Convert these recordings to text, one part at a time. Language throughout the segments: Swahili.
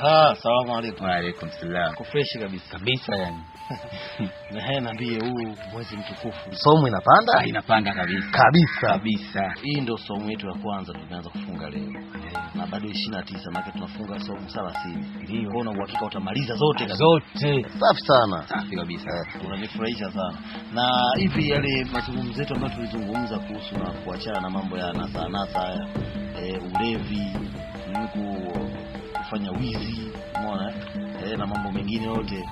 Ah, salamu alaykum. Wa alaykum salam. Kwa fresh kabisa. Kabisa yani. Na haya niambie huu mwezi mtukufu. Somo inapanda? Ah, inapanda kabisa. Kabisa. Kabisa. Hii ndio somo yetu ya kwanza tumeanza kufunga leo. Eh. Na bado 29 maana tunafunga somo 30. Ndio. Kwa uhakika utamaliza zote kabisa. Zote. Safi sana. Safi kabisa. Eh. Unanifurahisha sana. Na hivi yale mazungumzo yetu ambayo tulizungumza kuhusu na kuachana na mambo ya nasa nasa haya. Eh, ulevi, mgu kufanya wizi, umeona eh, na mambo mengine yote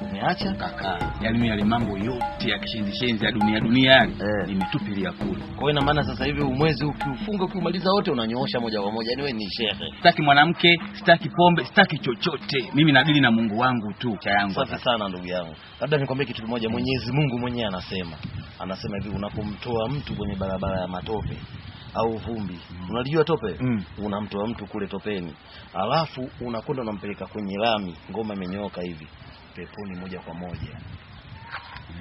umeacha kaka. yani mimi yale mambo yote ya kishenzi ya dunia dunia yani eh, nimetupilia kule. Kwa hiyo ina maana sasa hivi umwezi ukiufunga ukiumaliza wote unanyoosha moja kwa moja, yani wewe ni shehe. Sitaki mwanamke, sitaki pombe, sitaki chochote, mimi nadili na Mungu wangu tu cha yangu. Safi sana ndugu yangu, labda nikwambie kitu kimoja. Mwenyezi Mungu mwenyewe anasema, anasema hivi, unapomtoa mtu kwenye barabara ya matope au vumbi mm. unalijua tope mm. unamtoa mtu kule topeni, alafu unakwenda unampeleka kwenye lami, ngoma imenyooka hivi, peponi moja kwa moja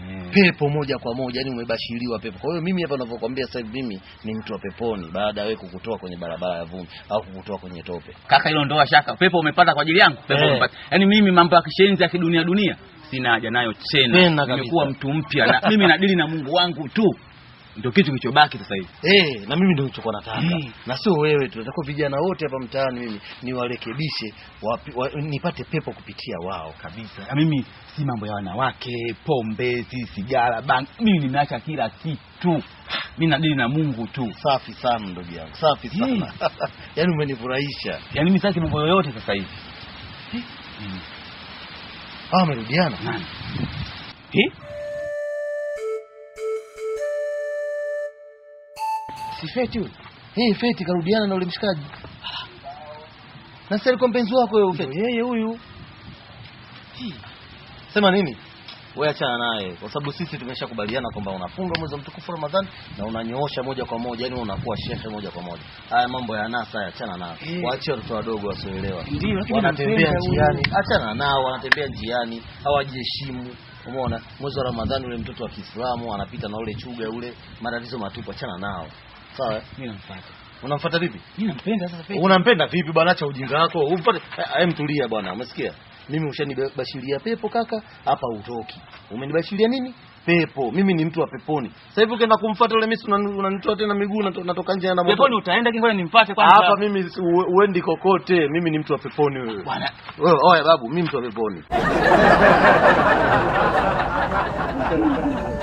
mm. pepo moja kwa moja, yani umebashiriwa pepo. Kwa hiyo mimi hapa ninavyokuambia sasa hivi, mimi ni mtu wa peponi, baada ya wewe kukutoa kwenye barabara ya vumbi au kukutoa kwenye tope. Kaka, hilo ndoa shaka, pepo umepata kwa ajili yangu, pepo hey. Eh. umepata. Yani mimi mambo ya kishenzi ya kidunia dunia sina haja nayo tena, nimekuwa mtu mpya na mimi nadili na Mungu wangu tu ndio kitu kilichobaki sasa hivi. Eh, na mimi ndio nilichokuwa nataka. hmm. Na sio wewe tu, nataka vijana wote hapa mtaani mimi niwarekebishe wa, nipate pepo kupitia wao kabisa. Na mimi si mambo ya wanawake, pombe, si sigara, bang, Mimi nimeacha kila kitu. Mimi nadili na Mungu tu. Safi sana ndugu yangu. Safi hmm. sana. Yaani umenifurahisha. Yaani mimi sasa mambo yoyote sasa hivi. hmm. Ah, amerudiana Nani? Eh? si feti huyo? Hii feti karudiana na ule mshikaji. Ah. Na sasa alikuwa mpenzi wako wewe feti. Yeye huyu. Sema nini? Wewe achana naye kwa sababu sisi tumeshakubaliana kwamba unafunga mwezi mtukufu Ramadhani na unanyoosha moja kwa moja, yani unakuwa shekhe moja kwa moja. Haya mambo ya nasa haya achana nayo. Waache watoto wadogo Ndio, lakini Wanatembea njiani, achana nao, wanatembea njiani, hawajiheshimu. Umeona, mwezi wa Ramadhani ule mtoto wa Kiislamu anapita na ule chuga ule, matatizo matupu, achana nao. Sawa, mimi namfuata. Unamfuata vipi? Mimi nampenda sasa vipi? Unampenda vipi bwana, acha ujinga wako. Umpate eh, hem, tulia bwana, umesikia? Mimi ushanibashiria pepo kaka, hapa utoki. Umenibashiria nini? Pepo. Mimi ni mtu wa peponi. Sasa hivi ukienda kumfuata yule misi unanitoa tena miguu na natoka nje na moto. Peponi utaenda kingoja nimfuate kwanza. Hapa mimi uendi kokote. Mimi ni mtu wa peponi wewe. Bwana. Wewe oya babu, mimi mtu wa peponi.